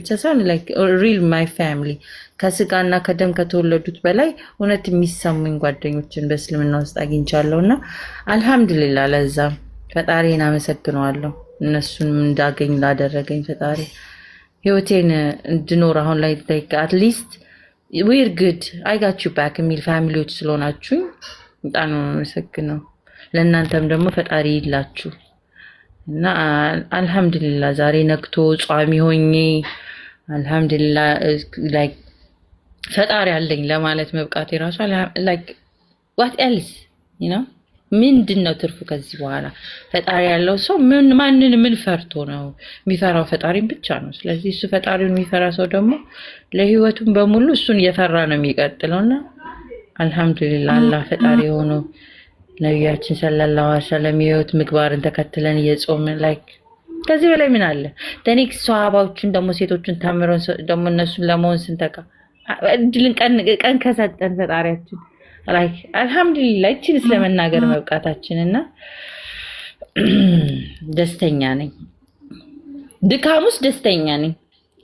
ብቻ ሳይሆን ሪል ማይ ፋሚሊ ከስጋና ከደም ከተወለዱት በላይ እውነት የሚሰሙኝ ጓደኞችን በእስልምና ውስጥ አግኝቻለሁ እና አልሐምዱሊላ ለዛ ፈጣሪን አመሰግነዋለሁ። እነሱንም እንዳገኝ ላደረገኝ ፈጣሪ ህይወቴን እንድኖር አሁን ላይ አትሊስት ዊር ግድ አይጋችሁ ባክ የሚል ፋሚሊዎች ስለሆናችሁኝ በጣም ነው አመሰግነው። ለእናንተም ደግሞ ፈጣሪ ይላችሁ። እና አልሐምዱሊላ ዛሬ ነግቶ ጿሚ ሆኜ አልሐምዱሊላ ላይክ ፈጣሪ አለኝ ለማለት መብቃት የራሱ ላይክ ዋት ኤልስ ዩ ኖ ምንድን ነው ትርፉ? ከዚህ በኋላ ፈጣሪ ያለው ሰው ምን ማንን ምን ፈርቶ ነው የሚፈራው? ፈጣሪን ብቻ ነው። ስለዚህ እሱ ፈጣሪውን የሚፈራ ሰው ደግሞ ለህይወቱም በሙሉ እሱን እየፈራ ነው የሚቀጥለውና አልሐምዱሊላ አላህ ፈጣሪ የሆነው ነቢያችን ሰለላሁ ዐለይሂ ወሰለም የህይወት ምግባርን ተከትለን እየጾምን ላይ ከዚህ በላይ ምን አለ? ደኔክስ ሰሃባዎችን ደግሞ ሴቶችን ታምረን ደግሞ እነሱን ለመሆን ስንተቃ እድልን ቀን ከሰጠን ፈጣሪያችን ላይ አልሐምዱሊላ ይችን ስለመናገር መብቃታችን እና ደስተኛ ነኝ። ድካም ውስጥ ደስተኛ ነኝ።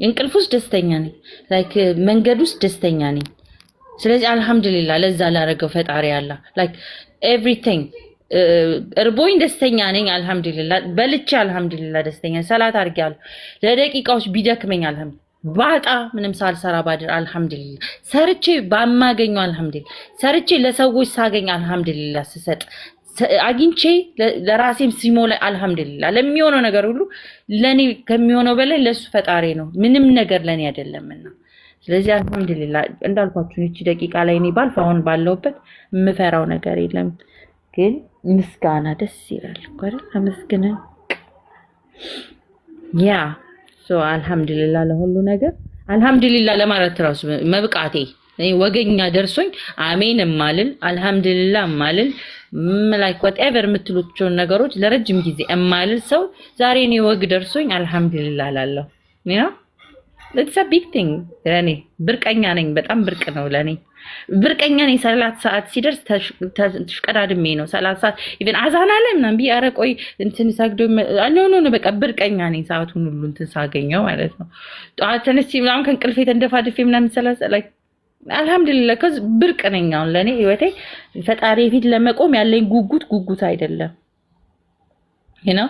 እንቅልፍ ውስጥ ደስተኛ ነኝ። ላይክ መንገድ ውስጥ ደስተኛ ነኝ። ስለዚህ አልሐምዱሊላ ለዛ ላረገው ፈጣሪ አላ ላይክ ኤቭሪቲንግ uh, እርቦኝ ደስተኛ ነኝ። አልሐምዱሊላ በልቼ አልሐምዱሊላ ደስተኛ ሰላት አድርጌያለሁ። ለደቂቃዎች ቢደክመኝ አልሐምዱ ባጣ ምንም ሳልሰራ ባድር አልሐምዱሊላ ሰርቼ ባማገኙ አልሐምዱሊላ ሰርቼ ለሰዎች ሳገኝ አልሐምዱሊላ ስሰጥ አግኝቼ ለራሴም ሲሞላ አልሐምዱሊላ ለሚሆነው ነገር ሁሉ ለእኔ ከሚሆነው በላይ ለእሱ ፈጣሪ ነው። ምንም ነገር ለእኔ አይደለምና ስለዚህ አልሐምዱሊላ እንዳልኳችሁ ይቺ ደቂቃ ላይ እኔ ባልፍ አሁን ባለውበት የምፈራው ነገር የለም። ግን ምስጋና ደስ ይላል እኮ አይደል? አመስግነን ያ አልሐምዱሊላ ለሁሉ ነገር አልሐምዱሊላ ለማለት ራሱ መብቃቴ ወገኛ ደርሶኝ አሜን እማልል አልሐምዱሊላ እማልል ላይክ ወትኤቨር የምትሉቸውን ነገሮች ለረጅም ጊዜ እማልል ሰው ዛሬ እኔ ወግ ደርሶኝ አልሐምዱሊላ ላለሁ ኢትስ አ ቢግ ቲንግ ለእኔ። ብርቀኛ ነኝ፣ በጣም ብርቅ ነው ለእኔ። ብርቀኛ ነኝ። ሰላት ሰዓት ሲደርስ ተሽቀዳድሜ ነው ሰላት ሰዓት ኢቨን አዛን አለ ምናምን ብዬ ኧረ ቆይ እንትን ሳግዶ አለሆነ ነው። በቃ ብርቀኛ ነኝ፣ ሰዓቱን ሁሉ እንትን ሳገኘው ማለት ነው። ጠዋት ተነስቼ ምናምን ከእንቅልፌ ተንደፋድፌ ምናምን ሰላት ላይ አልሐምዱሊላ ከዚ ብርቅ ነኝ። አሁን ለእኔ ህይወቴ ፈጣሪ ፊት ለመቆም ያለኝ ጉጉት ጉጉት አይደለም ነው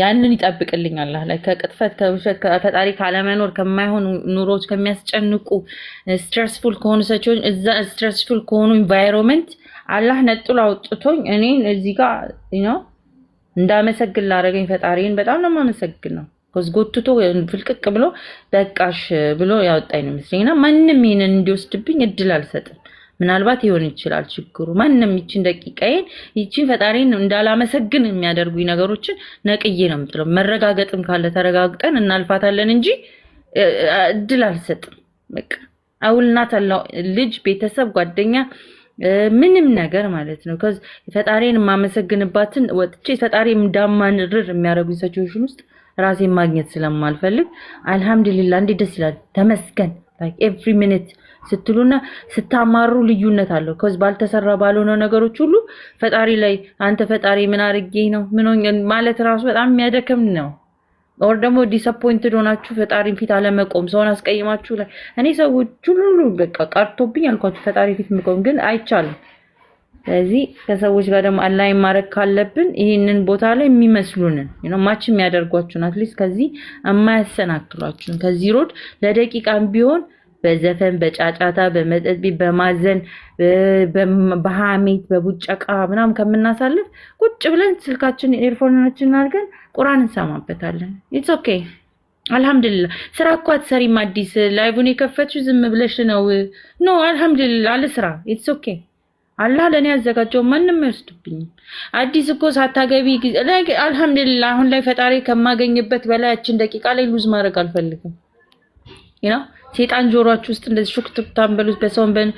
ያንን ይጠብቅልኛል አላህ ላይ ከቅጥፈት ከውሸት ከፈጣሪ ካለመኖር ከማይሆን ኑሮዎች ከሚያስጨንቁ ስትረስፉል ከሆኑ ሰዎች እዛ ስትረስፉል ከሆኑ ኢንቫይሮንመንት አላህ ነጥሎ አውጥቶኝ እኔን እዚህ ጋር ነው እንዳመሰግን ላደረገኝ ፈጣሪን በጣም ነው የማመሰግን ነው። ጎትቶ ፍልቅቅ ብሎ በቃሽ ብሎ ያወጣኝ ነው ይመስለኝና ማንም ይህንን እንዲወስድብኝ እድል አልሰጥም። ምናልባት ይሆን ይችላል ችግሩ። ማንም ይችን ደቂቃዬን ይችን ፈጣሪን እንዳላመሰግን የሚያደርጉ ነገሮችን ነቅዬ ነው የምትለው። መረጋገጥም ካለ ተረጋግጠን እናልፋታለን እንጂ እድል አልሰጥም። በቃ አውልናት አለው ልጅ፣ ቤተሰብ፣ ጓደኛ፣ ምንም ነገር ማለት ነው። ፈጣሪን የማመሰግንባትን ወጥቼ ፈጣሪ እንዳማንርር የሚያደርጉ ሰዎችን ውስጥ ራሴን ማግኘት ስለማልፈልግ አልሐምዱሊላ እንዴት ደስ ይላል። ተመስገን ኤቭሪ ሚኒት ስትሉና ስታማሩ ልዩነት አለው። ከዚ ባልተሰራ ባልሆነ ነገሮች ሁሉ ፈጣሪ ላይ አንተ ፈጣሪ ምን አርጌ ነው ምን ማለት ራሱ በጣም የሚያደክም ነው። ኦር ደግሞ ዲስአፖይንትድ ሆናችሁ ፈጣሪን ፊት አለመቆም ሰውን አስቀይማችሁ ላይ እኔ ሰዎች ሁሉ በቃ ቀርቶብኝ አልኳችሁ ፈጣሪ ፊት መቆም ግን አይቻልም። ስለዚህ ከሰዎች ጋር ደግሞ አላይ ማድረግ ካለብን ይህንን ቦታ ላይ የሚመስሉንን ማች የሚያደርጓችሁን አትሊስት ከዚህ የማያሰናክሏችሁን ከዚህ ሮድ ለደቂቃም ቢሆን በዘፈን በጫጫታ በመጠጥ ቤት በማዘን በሀሜት በቡጨቃ ምናምን ከምናሳልፍ ቁጭ ብለን ስልካችን ኤርፎኖችን አድርገን ቁራን እንሰማበታለን። ኢትስ ኦኬ አልሐምዱሊላ። ስራ እኮ አትሰሪም። አዲስ ላይቡን የከፈትሽ ዝም ብለሽ ነው። ኖ አልሐምዱሊላ፣ አልስራ። ኢትስ ኦኬ አላህ ለእኔ ያዘጋጀው ማንም አይወስድብኝም። አዲስ እኮ ሳታገቢ አልሐምዱሊላ። አሁን ላይ ፈጣሪ ከማገኝበት በላይ ያችን ደቂቃ ላይ ሉዝ ማድረግ አልፈልግም። ነው ሴጣን ጆሮችሁ ውስጥ እንደዚህ ሹክ ትብታን በሰውን በን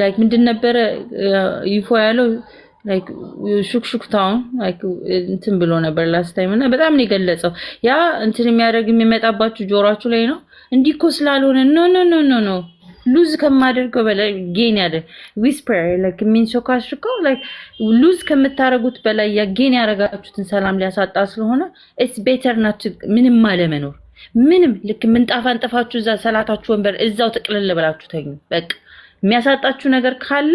ላይክ ምንድን ነበረ ይፎ uh, ያለው ላይክ ሹክ ሹክታውን ላይክ እንትን ብሎ ነበር ላስት ታይም እና በጣም ነው የገለጸው። ያ እንትን የሚያደርግ የሚመጣባችሁ ጆሮችሁ ላይ ነው። እንዲህ እኮ ስላልሆነ ኖ ኖ ኖ ኖ ኖ ሉዝ ከማደርገው በላይ ጌን ያደ ዊስፐር ላይክ የሚንሾካሹከው ላይክ ሉዝ ከምታረጉት በላይ ያ ጌን ያረጋችሁትን ሰላም ሊያሳጣ ስለሆነ ኢትስ ቤተር ናት ምንም አለመኖር ምንም ልክ ምንጣፍ አንጥፋችሁ እዛ ሰላታችሁ ወንበር እዛው ጥቅልል ብላችሁ ተኙ። በቃ የሚያሳጣችሁ ነገር ካለ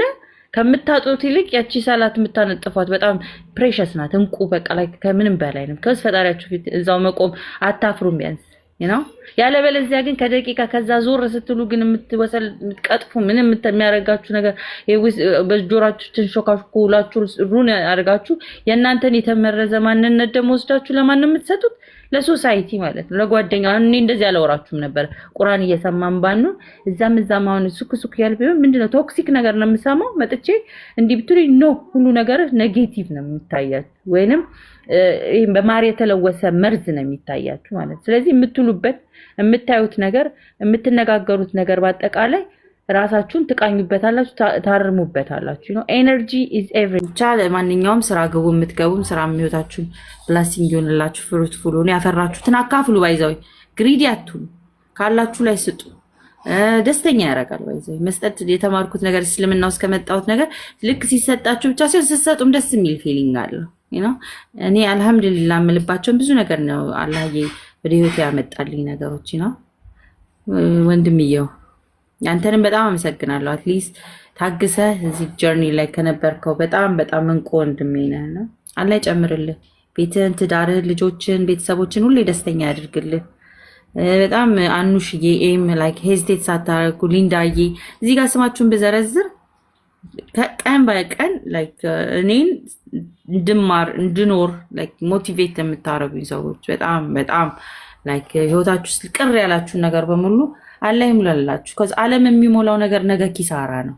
ከምታጡት ይልቅ ያቺ ሰላት የምታነጥፏት በጣም ፕሬሸስ ናት፣ እንቁ በቃ ላይ ከምንም በላይ ነው። ከስ ፈጣሪያችሁ ፊት እዛው መቆም አታፍሩም ቢያንስ ነው። ያለበለዚያ ግን ከደቂቃ ከዛ ዞር ስትሉ ግን የምትወሰል የምትቀጥፉ ምንም የሚያደርጋችሁ ነገር በጆራችሁ ትንሾካሽኩ ሁላችሁ ሩን ያደርጋችሁ የእናንተን የተመረዘ ማንነት ደግሞ ወስዳችሁ ለማን የምትሰጡት ለሶሳይቲ ማለት ነው፣ ለጓደኛ እኔ እንደዚህ አላወራችሁም ነበር። ቁራን እየሰማን ባኑ እዛም እዛም አሁን ሱክ ሱክ ያል ቢሆን ምንድነው ቶክሲክ ነገር ነው የምሰማው። መጥቼ እንዲህ ብትሉ ኖ ሁሉ ነገር ኔጌቲቭ ነው የሚታያችሁ፣ ወይንም በማር የተለወሰ መርዝ ነው የሚታያችሁ ማለት። ስለዚህ የምትሉበት የምታዩት ነገር የምትነጋገሩት ነገር በአጠቃላይ ራሳችሁን ትቃኙበታላችሁ፣ ታርሙበታላችሁ። ነው ኤነርጂ ኢዝ ኤቭሪ ብቻ ለማንኛውም ስራ ግቡ። የምትገቡም ስራ የሚወታችሁን ብላሲንግ ይሆንላችሁ። ፍሩት ፉሉ ያፈራችሁትን አካፍሉ። ባይዛዊ ግሪድ አትሁኑ፣ ካላችሁ ላይ ስጡ። ደስተኛ ያደርጋል። ባይዛዊ መስጠት የተማርኩት ነገር እስልምና ውስጥ ከመጣሁት ነገር ልክ ሲሰጣችሁ ብቻ ሲሆን ስትሰጡም ደስ የሚል ፊሊንግ አለው። እኔ አልሐምድሊላ የምልባቸውን ብዙ ነገር ነው አላህዬ ወደ ህይወት ያመጣልኝ ነገሮች ነው ወንድምየው አንተንም በጣም አመሰግናለሁ። አትሊስት ታግሰህ እዚህ ጀርኒ ላይ ከነበርከው በጣም በጣም እንቁ ወንድሜ ነህ እና አላህ ይጨምርልህ። ቤትህን፣ ትዳርህን፣ ልጆችን፣ ቤተሰቦችን ሁሌ ደስተኛ ያድርግልህ። በጣም አኑሽዬ ኤም ላይክ ሄዝቴት ሳታረጉ ሊንዳዬ እዚህ ጋር ስማችሁን ብዘረዝር ቀን በቀን እኔን እንድማር እንድኖር ሞቲቬት የምታደረጉኝ ሰዎች በጣም በጣም ህይወታችሁ ውስጥ ቅር ያላችሁን ነገር በሙሉ አላህ ይሙላላችሁ። ከዚ ዓለም የሚሞላው ነገር ነገ ኪሳራ ነው።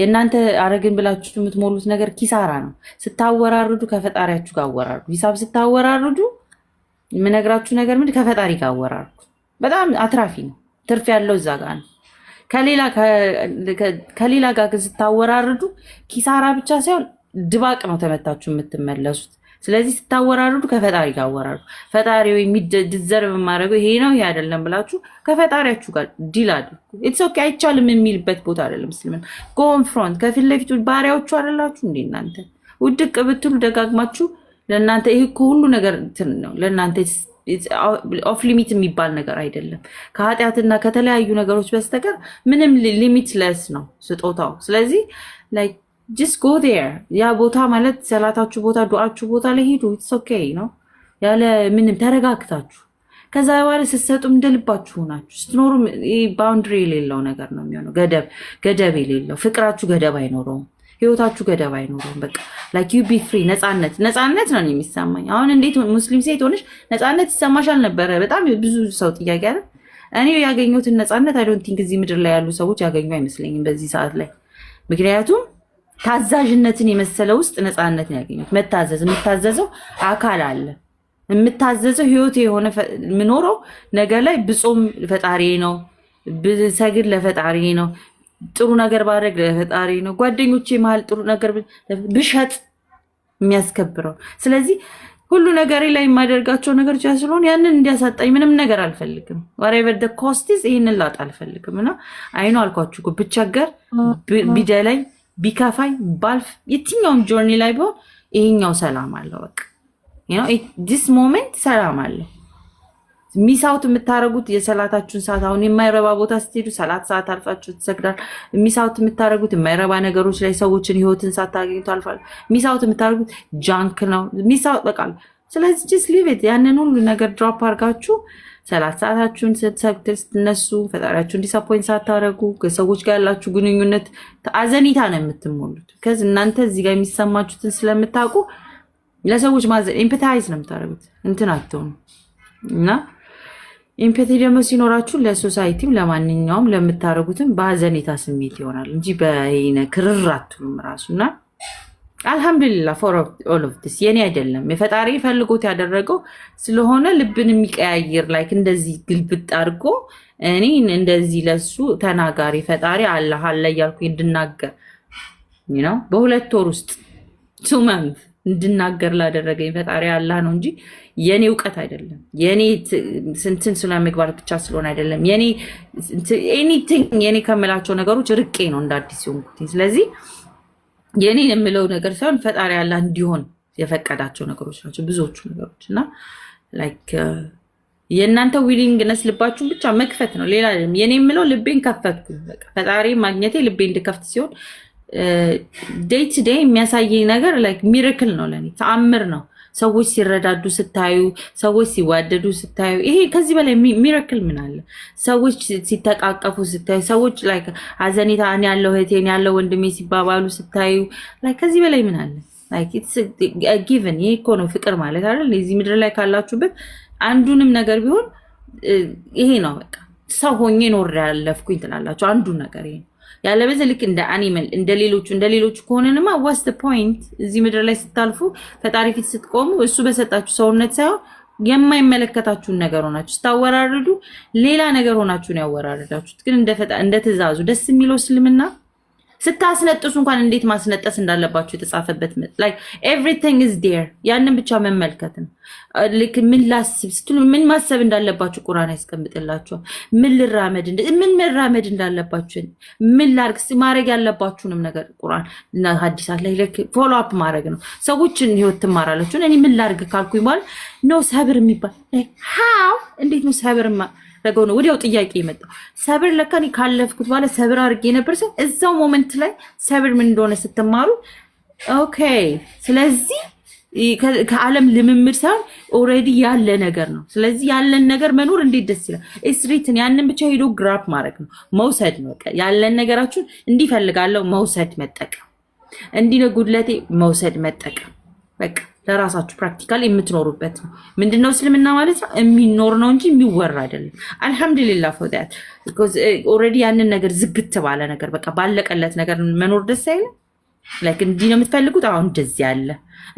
የእናንተ አረግን ብላችሁ የምትሞሉት ነገር ኪሳራ ነው። ስታወራርዱ ከፈጣሪያችሁ ጋር አወራርዱ። ሂሳብ ስታወራርዱ የምነግራችሁ ነገር ምንድን ከፈጣሪ ጋር አወራርዱ። በጣም አትራፊ ነው። ትርፍ ያለው እዛ ጋር ነው። ከሌላ ጋር ስታወራርዱ ኪሳራ ብቻ ሳይሆን ድባቅ ነው ተመታችሁ የምትመለሱት። ስለዚህ ስታወራርዱ ከፈጣሪ ጋር አወራርዱ። ፈጣሪ የሚዲዘርቭ የማደርገው ይሄ ነው ይሄ አይደለም ብላችሁ ከፈጣሪያችሁ ጋር ዲል አድርጉ። ኢትስ ኦኬ አይቻልም የሚልበት ቦታ አይደለም። ስልምን ኮንፍሮንት ከፊት ለፊቱ ባሪያዎቹ አይደላችሁ እንዴ እናንተ ውድቅ ብትሉ ደጋግማችሁ ለእናንተ ይህ ሁሉ ነገር እንትን ነው ለእናንተ ኦፍ ሊሚት የሚባል ነገር አይደለም። ከኃጢአትና ከተለያዩ ነገሮች በስተቀር ምንም ሊሚትለስ ነው ስጦታው። ስለዚህ ጅስት ጎ ዴር ያ ቦታ ማለት ሰላታችሁ ቦታ ዱዓችሁ ቦታ ላይ ሄዱ። ኢትስ ኦኬ ነው ያለ ምንም ተረጋግታችሁ ከዛ በኋላ ስትሰጡም እንደልባችሁ ናችሁ ስትኖሩም ባውንድሪ የሌለው ነገር ነው የሚሆነው። ገደብ ገደብ የሌለው ፍቅራችሁ ገደብ አይኖረውም። ህይወታችሁ ገደብ አይኖረውም። በቃ ላይክ ዩ ቢ ፍሪ ነፃነት ነፃነት ነው የሚሰማኝ። አሁን እንዴት ሙስሊም ሴት ሆነሽ ነፃነት ይሰማሻል ነበረ? በጣም ብዙ ሰው ጥያቄ አለ። እኔ ያገኘሁትን ነፃነት አይ ዶንት ቲንክ እዚህ ምድር ላይ ያሉ ሰዎች ያገኙ አይመስለኝም በዚህ ሰዓት ላይ ምክንያቱም ታዛዥነትን የመሰለ ውስጥ ነፃነትን ያገኙት። መታዘዝ የምታዘዘው አካል አለ። የምታዘዘው ህይወት የሆነ የምኖረው ነገር ላይ ብጾም ፈጣሪ ነው፣ ብሰግድ ለፈጣሪ ነው፣ ጥሩ ነገር ባድረግ ለፈጣሪ ነው፣ ጓደኞቼ መሀል ጥሩ ነገር ብሸጥ የሚያስከብረው። ስለዚህ ሁሉ ነገር ላይ የማደርጋቸው ነገሮች ቻ ስለሆን ያንን እንዲያሳጣኝ ምንም ነገር አልፈልግም። ወሬቨር ደ ኮስቲስ ይህንን ላጣ አልፈልግም እና አይኖ አልኳችሁ ብቸገር ቢደለኝ ቢከፋኝ ባልፍ የትኛውም ጆርኒ ላይ ቢሆን ይሄኛው ሰላም አለው። በቃ ዲስ ሞመንት ሰላም አለው። ሚሳውት የምታደረጉት የሰላታችሁን ሰዓት አሁን የማይረባ ቦታ ስትሄዱ ሰላት ሰዓት አልፋችሁ ትሰግዳል። ሚሳውት የምታደረጉት የማይረባ ነገሮች ላይ ሰዎችን ህይወትን ሳታገኙ ታልፋል። ሚሳውት የምታደረጉት ጃንክ ነው። ሚሳውት በቃ ስለዚህ ጅስ ሊቤት ያንን ሁሉ ነገር ድሮፕ አርጋችሁ ሰላት ሰዓታችሁን ስትሰግድ ስትነሱ ፈጣሪያችሁን ዲሳፖይንት ሳታደረጉ ከሰዎች ጋር ያላችሁ ግንኙነት አዘኒታ ነው የምትሞሉት። ከዚ እናንተ እዚህ ጋር የሚሰማችሁትን ስለምታውቁ ለሰዎች ማዘ ኢምፐታይዝ ነው የምታደረጉት። እንትን አትሆኑ እና ኢምፐቲ ደግሞ ሲኖራችሁ ለሶሳይቲም ለማንኛውም ለምታደረጉትም በአዘኔታ ስሜት ይሆናል እንጂ በይነ ክርር አትሉም ራሱ እና አልሐምዱሊላ ፎር ኦል ኦፍ ዲስ የኔ አይደለም የፈጣሪ ፈልጎት ያደረገው ስለሆነ ልብን የሚቀያይር ላይክ እንደዚህ ግልብጥ አድርጎ እኔ እንደዚህ ለሱ ተናጋሪ ፈጣሪ አላህ አለ እያልኩ እንድናገር ነው። በሁለት ወር ውስጥ ቱ መንት እንድናገር ላደረገኝ ፈጣሪ አላህ ነው እንጂ የኔ እውቀት አይደለም። የኔ ስንትን ስለ ምግባር ብቻ ስለሆነ አይደለም። የኔ ኤኒቲንግ የኔ ከምላቸው ነገሮች ርቄ ነው እንደ አዲስ የሆንኩት ስለዚህ የእኔን የምለው ነገር ሳይሆን ፈጣሪ ያላ እንዲሆን የፈቀዳቸው ነገሮች ናቸው ብዙዎቹ ነገሮች እና ላይክ uh, የእናንተ ዊሊንግነስ ልባችሁን ብቻ መክፈት ነው፣ ሌላ አይደለም። የኔ የምለው ልቤን ከፈትኩ ፈጣሪ ማግኘቴ ልቤ እንድከፍት ሲሆን ዴይ ቱ ዴይ የሚያሳየኝ ነገር ላይክ ሚርክል ነው፣ ለእኔ ተአምር ነው። ሰዎች ሲረዳዱ ስታዩ፣ ሰዎች ሲዋደዱ ስታዩ፣ ይሄ ከዚህ በላይ ሚረክል ምን አለ? ሰዎች ሲተቃቀፉ ስታዩ፣ ሰዎች ላይ አዘኔታ እኔ ያለው እህቴ ያለው ወንድሜ ሲባባሉ ስታዩ፣ ላይ ከዚህ በላይ ምን አለ? ጊቨን ይሄ እኮ ነው ፍቅር ማለት አይደል? እዚህ ምድር ላይ ካላችሁበት አንዱንም ነገር ቢሆን ይሄ ነው በቃ ሰው ሆኜ ኖር ያለፍኩኝ ትላላችሁ። አንዱን ነገር ይሄ ነው። ያለበለዚያ ልክ እንደ አኒመል እንደ ሌሎቹ እንደ ሌሎቹ ከሆነንማ ዋስት ፖይንት እዚህ ምድር ላይ ስታልፉ ፈጣሪ ፊት ስትቆሙ እሱ በሰጣችሁ ሰውነት ሳይሆን የማይመለከታችሁን ነገር ሆናችሁ ስታወራርዱ ሌላ ነገር ሆናችሁ ነው ያወራርዳችሁት። ግን እንደ ትእዛዙ ደስ የሚለው እስልምና ስታስነጥሱ እንኳን እንዴት ማስነጠስ እንዳለባቸው የተጻፈበት ላይ ኤቭሪቲንግ ኢዝ ዴር። ያንን ብቻ መመልከት ነው። ልክ ምን ላስብ ስትሉ ምን ማሰብ እንዳለባችሁ ቁራን ያስቀምጥላችኋል። ምን ልራመድ፣ ምን መራመድ እንዳለባችሁ፣ ምን ላርግ፣ ማድረግ ያለባችሁንም ነገር ቁራን እና ሐዲሳት ላይ ልክ ፎሎ አፕ ማድረግ ነው። ሰዎችን ህይወት ትማራላችሁ። እኔ ምን ላርግ ካልኩኝ ማለት ነው ሰብር የሚባል ሀው እንዴት ነው ሰብር ነገ ነው ወዲያው ጥያቄ የመጣው ሰብር ለካ እኔ ካለፍኩት በኋላ ሰብር አድርጌ ነበር ስል እዛው ሞመንት ላይ ሰብር ምን እንደሆነ ስትማሩ ኦኬ ስለዚህ ከዓለም ልምምድ ሳይሆን ኦልሬዲ ያለ ነገር ነው። ስለዚህ ያለን ነገር መኖር እንዴት ደስ ይላል። ስሪትን ያንን ብቻ ሄዶ ግራፕ ማድረግ ነው መውሰድ ነው። ያለን ነገራችሁን እንዲፈልጋለው መውሰድ መጠቀም፣ እንዲህ ነው ጉድለቴ መውሰድ መጠቀም በቃ ለራሳችሁ ፕራክቲካል የምትኖሩበት ነው። ምንድነው እስልምና ማለት ነው? የሚኖር ነው እንጂ የሚወራ አይደለም። አልሐምዱሊላ ፈውዳት ኦልሬዲ ያንን ነገር ዝግት ባለ ነገር በቃ ባለቀለት ነገር መኖር ደስ አይልም። ላይክ እንዲህ ነው የምትፈልጉት፣ አሁን እንደዚህ አለ።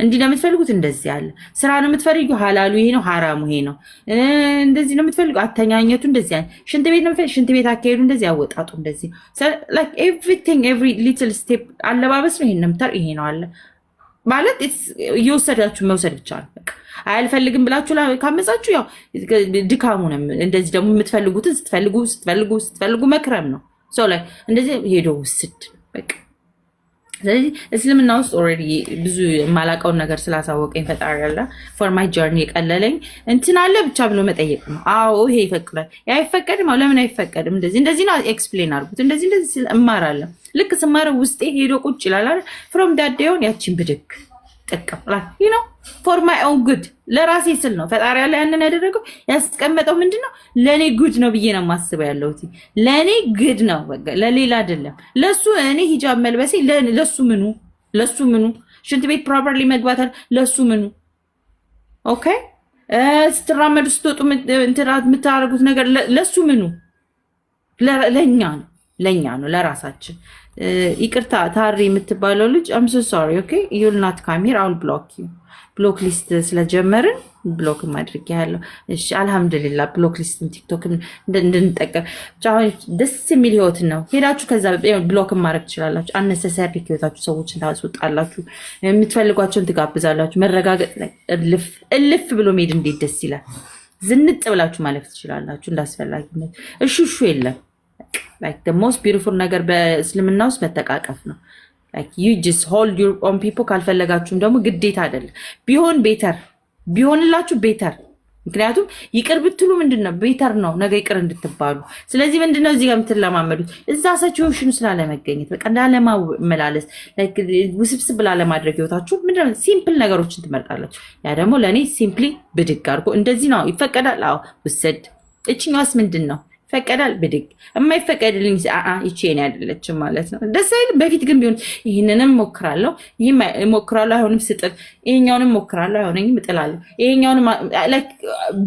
እንዲህ ነው የምትፈልጉት፣ እንደዚህ አለ። ስራ ነው የምትፈልጉ፣ ሀላሉ ይሄ ነው፣ ሀራሙ ይሄ ነው። እንደዚህ ነው የምትፈልጉ፣ አተኛኘቱ እንደዚህ አለ። ሽንት ቤት ነው ሽንት ቤት አካሄዱ እንደዚህ፣ አወጣጡ እንደዚህ። ላይክ ኤቭሪቲንግ ኤቭሪ ሊትል ስቴፕ፣ አለባበስ ነው ይሄ ነው የምታር፣ ይሄ ነው አለ ማለት እየወሰዳችሁ መውሰድ ብቻ ነው። ብላችሁ ካመጻችሁ ያው ድካሙ ነው። እንደዚህ ደግሞ የምትፈልጉትን ስትፈልጉ ስትፈልጉ ስትፈልጉ መክረም ነው። ሰው ላይ እንደዚህ ሄዶ ውስድ በቃ ስለዚህ እስልምና ውስጥ ኦልሬዲ ብዙ የማላውቀውን ነገር ስላሳወቀኝ ፈጣሪ ያለ ፎር ማይ ጆርኒ የቀለለኝ እንትን አለ ብቻ ብሎ መጠየቅ ነው። አዎ ይሄ ይፈቅዳል፣ አይፈቀድም፣ ለምን አይፈቀድም፣ እንደዚህ እንደዚህ ነው ኤክስፕሌን አድርጉት፣ እንደዚህ እንደዚህ እማራለሁ። ልክ ውስጤ ሄዶ ቁጭ ይላል። ፍሮም ዳዴውን ያቺን ብድግ ጥቅም ነው ፎር ማይ ኦን ጉድ ለራሴ ስል ነው ፈጣሪ ያለ ያንን ያደረገው ያስቀመጠው ምንድን ነው ለእኔ ጉድ ነው ብዬ ነው የማስበው ያለሁት ለእኔ ግድ ነው ለሌላ አይደለም ለሱ እኔ ሂጃብ መልበሴ ለሱ ምኑ ለሱ ምኑ ሽንት ቤት ፕሮፐርሊ መግባታል ለሱ ምኑ ኦኬ ስትራመዱ ስትወጡ የምታደርጉት ነገር ለሱ ምኑ ለእኛ ነው ለእኛ ነው ለራሳችን ይቅርታ ታሪ የምትባለው ልጅ አምሶ ሶሪ ኦኬ ዩል ናት ካሚር አውል ብሎክ ዩ ብሎክ ሊስት ስለጀመርን ብሎክ ማድረግ ያለው እሺ፣ አልሐምዱሊላ ብሎክ ሊስትን ቲክቶክን እንድንጠቀም አሁን ደስ የሚል ህይወት ነው። ሄዳችሁ ከዛ ብሎክ ማድረግ ትችላላችሁ። አነሰሰሪ ህይወታችሁ ሰዎች ታስወጣላችሁ። የምትፈልጓቸውን ትጋብዛላችሁ። መረጋገጥ ላይ እልፍ እልፍ ብሎ መሄድ እንዴት ደስ ይላል! ዝንጥ ብላችሁ ማለፍ ትችላላችሁ። እንዳስፈላጊነት እሹሹ የለም። ሞስት ቢዩቲፉል ነገር በእስልምና ውስጥ መተቃቀፍ ነው። ዩ ጅስት ሆልድ ዩር ኦን ፒፖ። ካልፈለጋችሁም ደግሞ ግዴታ አይደለም። ቢሆን ቤተር ቢሆንላችሁ ቤተር ምክንያቱም ይቅር ብትሉ ምንድን ነው ቤተር ነው ነገ ይቅር እንድትባሉ። ስለዚህ ምንድን ነው እዚህ ጋር የምትለማመዱት እዛ ሰችሽኑ ስላለመገኘት በቃ እንዳለማመላለስ ውስብስብ ላለማድረግ ህይወታችሁ ምንድን ሲምፕል ነገሮችን ትመርጣላችሁ። ያ ደግሞ ለእኔ ሲምፕሊ ብድግ አድርጎ እንደዚህ ነው ይፈቀዳል። አዎ ውሰድ። እችኛዋስ ምንድን ነው ይፈቀዳል ብድግ የማይፈቀድልኝ ይቼን እኔ አይደለችም ማለት ነው። ደስ አይልም። በፊት ግን ቢሆን ይህንንም ሞክራለሁ ይህ ሞክራለሁ፣ አይሆንም ስጥል፣ ይሄኛውንም ሞክራለሁ፣ አይሆነኝም እጥላለሁ፣ ይሄኛውንም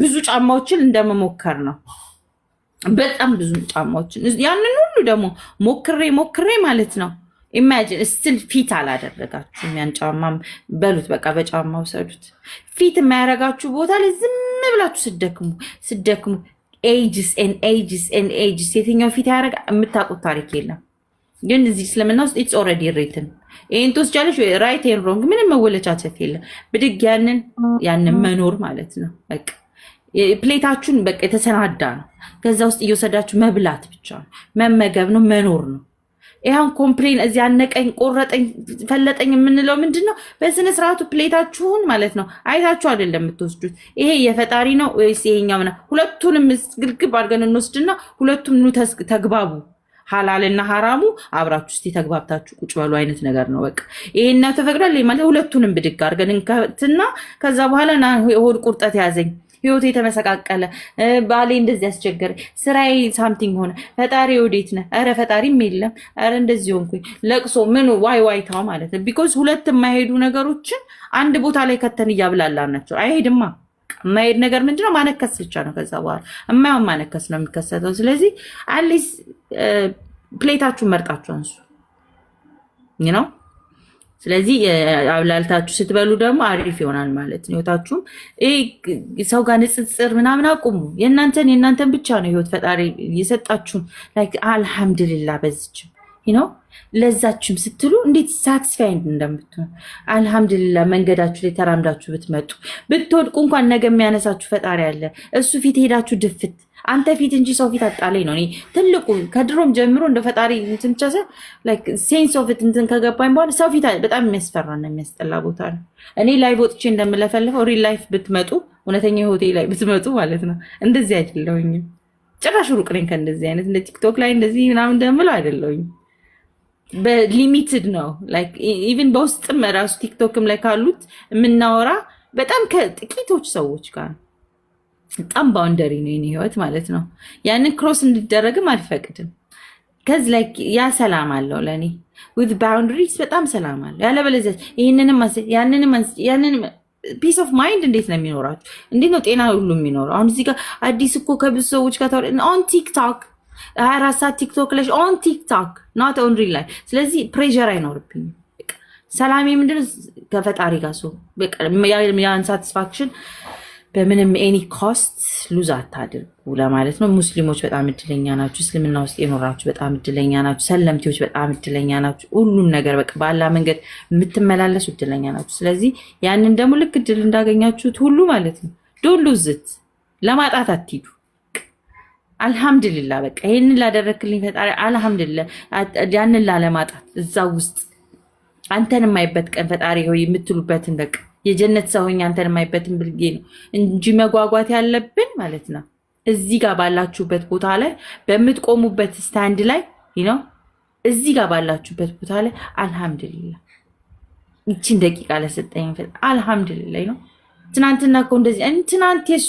ብዙ ጫማዎችን እንደመሞከር ነው። በጣም ብዙ ጫማዎችን ያንን ሁሉ ደግሞ ሞክሬ ሞክሬ ማለት ነው። ኢማጂን ስትል ፊት አላደረጋችሁም። ያን ጫማም በሉት በቃ በጫማ ውሰዱት። ፊት የማያደርጋችሁ ቦታ ላይ ዝም ብላችሁ ስደክሙ ስደክሙ ኤጅስ ኤን ኤጅስ ኤን ኤጅስ የትኛው ፊት ያደረግ የምታውቁት ታሪክ የለም። ግን እዚህ እስልምና ውስጥ ኢትስ ኦልሬዲ ሪትን ይህን ትወስጃለሽ። ራይት ኤን ሮንግ ምንም መወለቻቸት የለም። ብድግ ያንን ያንን መኖር ማለት ነው። በቃ ፕሌታችሁን በቃ የተሰናዳ ነው። ከዛ ውስጥ እየወሰዳችሁ መብላት ብቻ ነው፣ መመገብ ነው፣ መኖር ነው። ይህን ኮምፕሌን እዚ ያነቀኝ ቆረጠኝ ፈለጠኝ የምንለው ምንድን ነው? በስነ ስርዓቱ ፕሌታችሁን ማለት ነው አይታችሁ አይደለም የምትወስዱት። ይሄ የፈጣሪ ነው ወይስ ይሄኛው ነው? ሁለቱንም ግልግብ አድርገን እንወስድና ሁለቱም ኑ ተግባቡ፣ ሀላልና ሀራሙ አብራችሁ እስቲ ተግባብታችሁ ቁጭ በሉ አይነት ነገር ነው። በቃ ይሄና ተፈቅዷል ማለት ሁለቱንም ብድግ አድርገን እንከትና ከዛ በኋላ ሆድ ቁርጠት ያዘኝ ህይወት የተመሰቃቀለ ባሌ እንደዚህ ያስቸገር ስራዬ ሳምቲንግ ሆነ። ፈጣሪ ወዴት ነህ? ኧረ ፈጣሪም የለም። ኧረ እንደዚህ ሆንኩኝ። ለቅሶ ምን ዋይ ዋይታው ማለት ነው። ቢኮዝ ሁለት የማይሄዱ ነገሮችን አንድ ቦታ ላይ ከተን እያብላላ ናቸው። አይሄድማ። የማይሄድ ነገር ነው? ማነከስ ብቻ ነው። ከዛ በኋላ የማይሆን ማነከስ ነው የሚከሰተው። ስለዚህ አትሊስት ፕሌታችሁን መርጣችሁ አንሱ ነው ስለዚህ አብላልታችሁ ስትበሉ ደግሞ አሪፍ ይሆናል ማለት ነው። ህይወታችሁም ሰው ጋር ንጽጽር ምናምን አቁሙ። የእናንተን የእናንተን ብቻ ነው ህይወት ፈጣሪ የሰጣችሁን። አልሐምድልላ በዝችም ነው። ለዛችሁም ስትሉ እንዴት ሳትስፋይ እንደምትሆን አልሐምዱሊላ። መንገዳችሁ ላይ ተራምዳችሁ ብትመጡ ብትወድቁ እንኳን ነገ የሚያነሳችሁ ፈጣሪ አለ። እሱ ፊት ሄዳችሁ ድፍት አንተ ፊት እንጂ ሰው ፊት አጣለኝ ነው። ትልቁ ከድሮም ጀምሮ እንደ ፈጣሪ ትንቸሰ ሴንስ ኦፍ እንትን ከገባኝ በኋላ ሰው ፊት በጣም የሚያስፈራ ነው የሚያስጠላ ቦታ ነው። እኔ ላይ ወጥቼ እንደምለፈልፈው ሪል ላይፍ ብትመጡ፣ እውነተኛ ሆቴ ላይ ብትመጡ ማለት ነው እንደዚህ አይደለውኝም። ጭራሽ ሩቅ ነኝ ከእንደዚህ አይነት እንደ ቲክቶክ ላይ እንደዚህ ምናምን እንደምለው አይደለሁኝም። በሊሚትድ ነው። ኢቨን በውስጥም ራሱ ቲክቶክም ላይ ካሉት የምናወራ በጣም ከጥቂቶች ሰዎች ጋር በጣም ባውንደሪ ነው የኔ ህይወት ማለት ነው። ያንን ክሮስ እንዲደረግም አልፈቅድም። ከዚ ላይ ያ ሰላም አለው ለእኔ ዊዝ ባውንደሪስ በጣም ሰላም አለው። ያለበለዚያ ይህንንም ያንንም ያንንም ፒስ ኦፍ ማይንድ እንዴት ነው የሚኖራችሁ? እንዴት ነው ጤና ሁሉ የሚኖረው? አሁን እዚህ ጋር አዲስ እኮ ከብዙ ሰዎች ጋር ኦን ቲክቶክ ሀያ አራት ሰዓት ቲክቶክ ለሽ ኦን ቲክቶክ ናት ኦን ሪል ስለዚህ ፕሬዠር አይኖርብኝም። ሰላሜ ምንድን ከፈጣሪ ጋር ሰው ያን ሳቲስፋክሽን በምንም ኤኒ ኮስት ሉዝ አታድርጉ ለማለት ነው። ሙስሊሞች በጣም እድለኛ ናችሁ። እስልምና ውስጥ የኖራችሁ በጣም እድለኛ ናችሁ። ሰለምቴዎች በጣም እድለኛ ናችሁ። ሁሉን ነገር በቃ ባላ መንገድ የምትመላለሱ እድለኛ ናችሁ። ስለዚህ ያንን ደግሞ ልክ እድል እንዳገኛችሁት ሁሉ ማለት ነው ዶንት ሉዝ ለማጣት አትሂዱ። አልሐምድልላ በቃ ይህንን ላደረክልኝ ፈጣሪ አልሐምድልላ። ያንን ላለማጣት እዛ ውስጥ አንተን የማይበት ቀን ፈጣሪ ሆይ የምትሉበትን በቃ የጀነት ሰውኝ አንተን የማይበትን ብልጌ ነው እንጂ መጓጓት ያለብን ማለት ነው። እዚህ ጋር ባላችሁበት ቦታ ላይ በምትቆሙበት ስታንድ ላይ ነው። እዚህ ጋር ባላችሁበት ቦታ ላይ አልሐምድልላ። ይችን ደቂቃ ለሰጠኝ አልሐምድልላ ነው። ትናንትና እኮ እንደዚህ ትናንት የሱ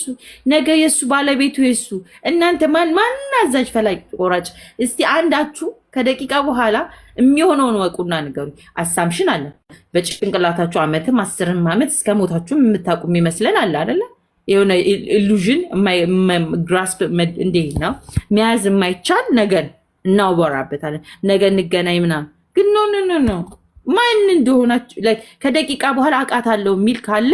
ነገ የሱ ባለቤቱ የሱ እናንተ ማን ማን አዛዥ ፈላጭ ቆራጭ? እስቲ አንዳችሁ ከደቂቃ በኋላ የሚሆነውን ወቁና ንገሩ። አሳምሽን አለ በጭንቅላታችሁ አመትም አስርም አመት እስከ ሞታችሁም የምታውቁ የሚመስለን አለ አደለ? የሆነ ኢሉዥን ግራስፕ እንዴ ነው መያዝ የማይቻል ነገን እናወራበታለን። ነገ እንገናኝ ምናምን ግን ኖ ኖ ኖ ማን እንደሆናችሁ ከደቂቃ በኋላ አውቃታለሁ የሚል ካለ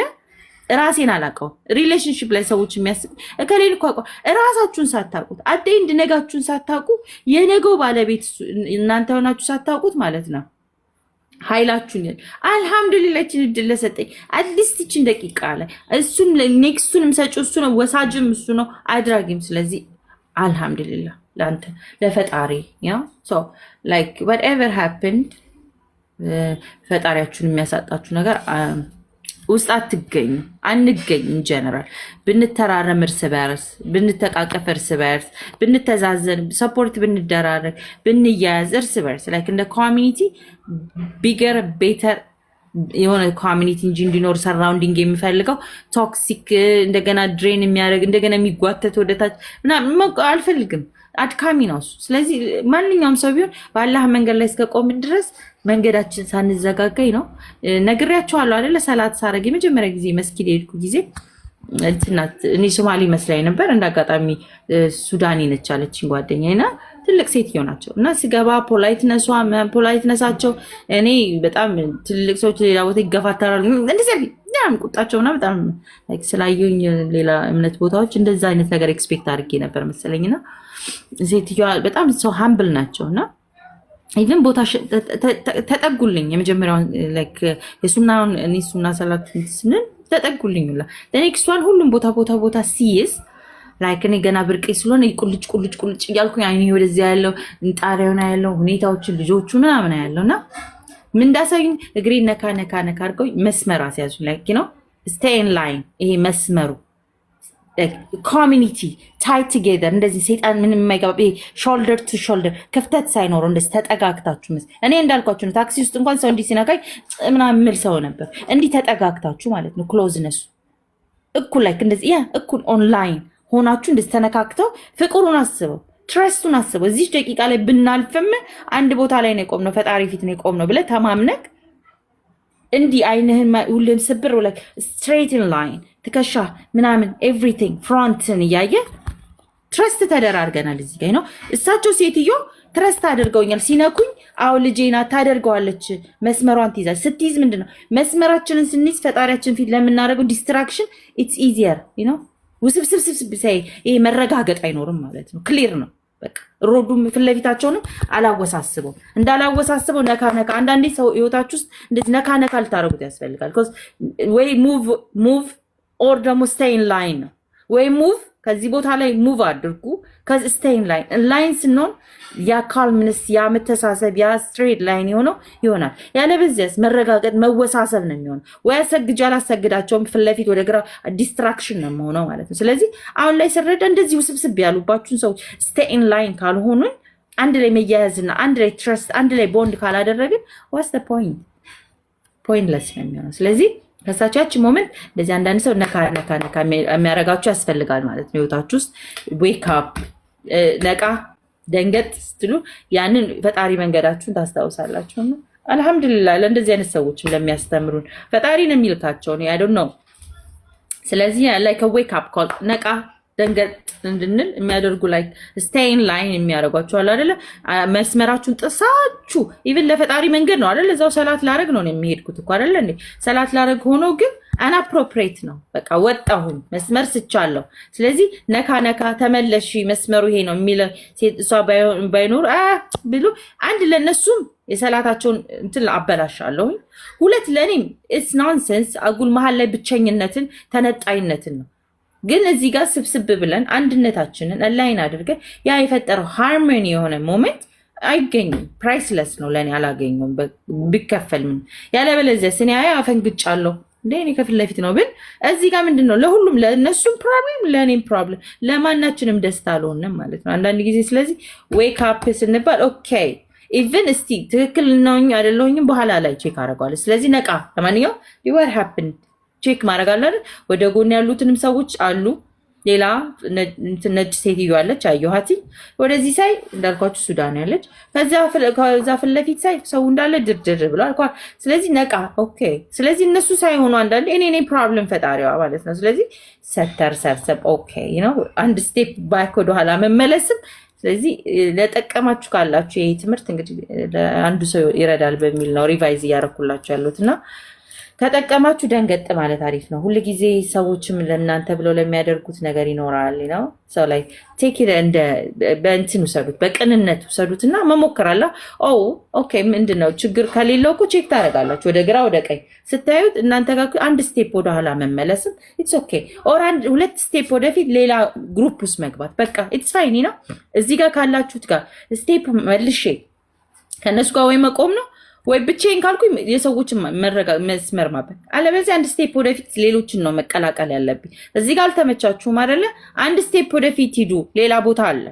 ራሴን አላቀው ሪሌሽንሽፕ ላይ ሰዎች የሚያስብ ከሌል እኮ ራሳችሁን ሳታውቁት አደይ እንድ ነጋችሁን ሳታውቁ የነገው ባለቤት እናንተ ሆናችሁ ሳታውቁት ማለት ነው። ኃይላችሁን አልሐምዱሊላችን እድል ለሰጠኝ አትሊስት ይችን ደቂቃ ላይ እሱም ኔክስቱንም ሰጪ እሱ ነው፣ ወሳጅም እሱ ነው፣ አድራጊም ስለዚህ አልሐምዱሊላ ለአንተ ለፈጣሪ ላይክ ወትኤቨር ሃፕንድ ፈጣሪያችሁን የሚያሳጣችሁ ነገር ውስጥ አትገኙ አንገኝ። ኢንጀነራል ብንተራረም እርስ በርስ ብንተቃቀፍ እርስ በርስ ብንተዛዘን ሰፖርት ብንደራረግ ብንያያዝ እርስ በርስ ላይክ እንደ ኮሚኒቲ ቢገር ቤተር የሆነ ኮሚኒቲ እንጂ እንዲኖር ሰራውንዲንግ የሚፈልገው ቶክሲክ እንደገና ድሬን የሚያደርግ እንደገና የሚጓተት ወደታች አልፈልግም። አድካሚ ነው እሱ። ስለዚህ ማንኛውም ሰው ቢሆን በአላህ መንገድ ላይ እስከቆም ድረስ መንገዳችን ሳንዘጋገኝ ነው። ነግሬያቸዋለሁ አይደለ? ሰላት ሳረግ የመጀመሪያ ጊዜ መስጊድ የሄድኩ ጊዜ እንትናት እኔ ሶማሌ መስላኝ ነበር። እንደ አጋጣሚ ሱዳኔ ነች አለችኝ ጓደኛዬ እና ትልቅ ሴትዮ ናቸው እና ስገባ ፖላይት ነሳቸው። እኔ በጣም ትልቅ ሰዎች ሌላ ቦታ ይገፋተራሉ እንደዚህ ቁጣቸው ና በጣም ስላየኝ ሌላ እምነት ቦታዎች እንደዛ አይነት ነገር ኤክስፔክት አድርጌ ነበር መሰለኝና ሴትዮዋ በጣም ሰው ሀምብል ናቸው እና ኢቨን ቦታ ተጠጉልኝ። የመጀመሪያውን የሱናውን እኔ ሱና ሰላት ስንል ተጠጉልኝ ላ ኔክስቷን ሁሉም ቦታ ቦታ ቦታ ሲይዝ ላይክ እኔ ገና ብርቄ ስለሆነ ቁልጭ ቁልጭ ቁልጭ እያልኩኝ አይኔ ወደዚያ ያለው ጣሪያውን ያለው ሁኔታዎችን ልጆቹ ምናምን ያለው እና ምን እንዳሳዩኝ እግሬ ነካ ነካ ነካ አድርገው መስመር አስያዙ። ላይክ ነው ስቴን ላይን ይሄ መስመሩ ኮሚኒቲ ታይ ቱጌዘር እንደዚህ ሴጣን ምንም የማይገባ ሾልደር ቱ ሾልደር ክፍተት ሳይኖረው እንደዚህ ተጠጋግታችሁ ምስ እኔ እንዳልኳችሁ ነው። ታክሲ ውስጥ እንኳን ሰው እንዲህ ሲነካኝ ምናምን የምል ሰው ነበር። እንዲህ ተጠጋግታችሁ ማለት ነው። ክሎዝነሱ እኩል ላይክ እንደዚህ ያ እኩል ኦንላይን ሆናችሁ እንደዚህ ተነካክተው ፍቅሩን አስበው ትረስቱን አስበው እዚህ ደቂቃ ላይ ብናልፍም አንድ ቦታ ላይ ነው የቆምነው፣ ፈጣሪ ፊት ነው የቆምነው ብለህ ተማምነክ እንዲህ አይንህን ሁልን ስብር ብለህ ስትሬትን ላይን ትከሻ ምናምን ኤቭሪቲንግ ፍሮንትን እያየ ትረስት ተደራርገናል። እዚህ ጋ ነው እሳቸው ሴትዮ ትረስት አድርገውኛል። ሲነኩኝ አዎ ልጄና ታደርገዋለች። መስመሯን ትይዛል። ስትይዝ ምንድን ነው መስመራችንን ስንይዝ ፈጣሪያችን ፊት ለምናደርገው ዲስትራክሽን ኢትስ ኢዚየር ነው። ውስብስብስብስብ ይሄ መረጋገጥ አይኖርም ማለት ነው። ክሊር ነው። በቃ ሮዱም ፊት ለፊታቸውንም አላወሳስበው እንዳላወሳስበው ነካ ነካ። አንዳንዴ ሰው ህይወታችሁ ውስጥ እንደዚህ ነካ ነካ ልታደርጉት ያስፈልጋል። ወይ ሙቭ ሙቭ ኦር ደግሞ ስቴይ ኢን ላይን ነው ወይ ሙቭ ከዚህ ቦታ ላይ ሙቭ አድርጉ። ስቴይን ላይን ላይን ስንሆን ያ ካልምንስ ያ መተሳሰብ ያ ስትሬት ላይን የሆነው ይሆናል። ያለበዚያስ መረጋገጥ መወሳሰብ ነው የሚሆነው። ወይ አሰግጅ አላሰግዳቸውም ፊት ለፊት ወደ ግራ ዲስትራክሽን ነው የሚሆነው ማለት ነው። ስለዚህ አሁን ላይ ስረዳ እንደዚህ ውስብስብ ያሉባችሁን ሰዎች ስቴይን ላይን ካልሆኑን አንድ ላይ መያያዝና አንድ ላይ ትረስት አንድ ላይ ቦንድ ካላደረግን ዋስ ፖይንት ፖይንትለስ ነው የሚሆነው ስለዚህ ከሳቸው ሞመንት እንደዚህ አንዳንድ ሰው ነካ ነካ ነካ የሚያደርጋችሁ ያስፈልጋል ማለት ነው። ህይወታችሁ ውስጥ ዌክ አፕ ነቃ ደንገጥ ስትሉ ያንን ፈጣሪ መንገዳችሁን ታስታውሳላችሁ። አልሐምዱሊላ ለእንደዚህ አይነት ሰዎች ለሚያስተምሩን ፈጣሪ ነው የሚልካቸው ነው ያደ ነው። ስለዚህ ላይ ከዌክ አፕ ነቃ ደንገጥ እንድንል የሚያደርጉ ላይ ስቴይን ላይን የሚያደርጓቸው አለ አደለ? መስመራችሁን ጥሳችሁ ኢቨን ለፈጣሪ መንገድ ነው አደለ? እዛው ሰላት ላረግ ነው የሚሄድኩት እኮ አደለ እንዴ? ሰላት ላረግ ሆኖ ግን አናፕሮፕሬት ነው። በቃ ወጣሁን መስመር ስቻለሁ። ስለዚህ ነካ ነካ ተመለሽ፣ መስመሩ ይሄ ነው የሚለ እሷ ባይኖር ብሎ አንድ ለእነሱም የሰላታቸውን እንትን አበላሻለሁኝ። ሁለት ለእኔም ኢትስ ናንሰንስ አጉል መሀል ላይ ብቸኝነትን ተነጣይነትን ነው ግን እዚህ ጋር ስብስብ ብለን አንድነታችንን ላይን አድርገን ያ የፈጠረው ሃርሞኒ የሆነ ሞመንት አይገኝም። ፕራይስለስ ነው ለእኔ አላገኘም። ቢከፈል ምን ያለበለዚያ ስኔ አፈንግጫለሁ እንደ እኔ ከፊት ለፊት ነው ብን እዚህ ጋር ምንድን ነው ለሁሉም ለእነሱም ፕሮብሌም ለእኔም ፕሮብሌም ለማናችንም ደስታ አልሆንም ማለት ነው አንዳንድ ጊዜ። ስለዚህ ዌክ አፕ ስንባል ኦኬ ኢቨን እስቲ ትክክል ነውኝ አይደለሁኝም በኋላ ላይ ቼክ አደርገዋለሁ። ስለዚህ ነቃ ለማንኛውም ዩወር ሀፕን ቼክ ማድረግ አለ አይደል? ወደ ጎን ያሉትንም ሰዎች አሉ። ሌላ ነጭ ሴትዮ አለች፣ አየኋት። ወደዚህ ሳይ እንዳልኳችሁ ሱዳን ያለች፣ ከዛ ፊት ለፊት ሳይ ሰው እንዳለ ድርድር ብሏል። ስለዚህ ነቃ። ኦኬ። ስለዚህ እነሱ ሳይሆኑ አንዳንዴ እኔ እኔ ፕሮብለም ፈጣሪዋ ማለት ነው። ስለዚህ ሰተር ሰብሰብ። ኦኬ ነው አንድ ስቴፕ ባክ ወደኋላ መመለስም ስለዚህ ለጠቀማችሁ ካላችሁ ይህ ትምህርት እንግዲህ አንዱ ሰው ይረዳል በሚል ነው ሪቫይዝ እያደረኩላችሁ ያሉት እና ከጠቀማችሁ ደንገጥ ማለት አሪፍ ነው። ሁል ጊዜ ሰዎችም ለእናንተ ብለው ለሚያደርጉት ነገር ይኖራል ነው። ሰው ላይ ቴክ እንደ በእንትን ውሰዱት፣ በቅንነት ውሰዱት እና መሞከራላ ኦኬ፣ ምንድን ነው ችግር ከሌለው እኮ ቼክ ታደርጋላችሁ። ወደ ግራ ወደ ቀኝ ስታዩት እናንተ ጋር አንድ ስቴፕ ወደኋላ መመለስም ኢትስ ኦኬ፣ ኦር ሁለት ስቴፕ ወደፊት ሌላ ግሩፕ ውስጥ መግባት በቃ ኢትስ ፋይኒ ነው። እዚህ ጋር ካላችሁት ጋር ስቴፕ መልሼ ከእነሱ ጋር ወይ መቆም ነው ወይ ብቻዬን ካልኩ የሰዎችን መስመር ማበል፣ አለበለዚያ አንድ ስቴፕ ወደፊት ሌሎችን ነው መቀላቀል ያለብኝ። እዚህ ጋር አልተመቻችሁም አይደለ? አንድ ስቴፕ ወደፊት ሂዱ፣ ሌላ ቦታ አለ።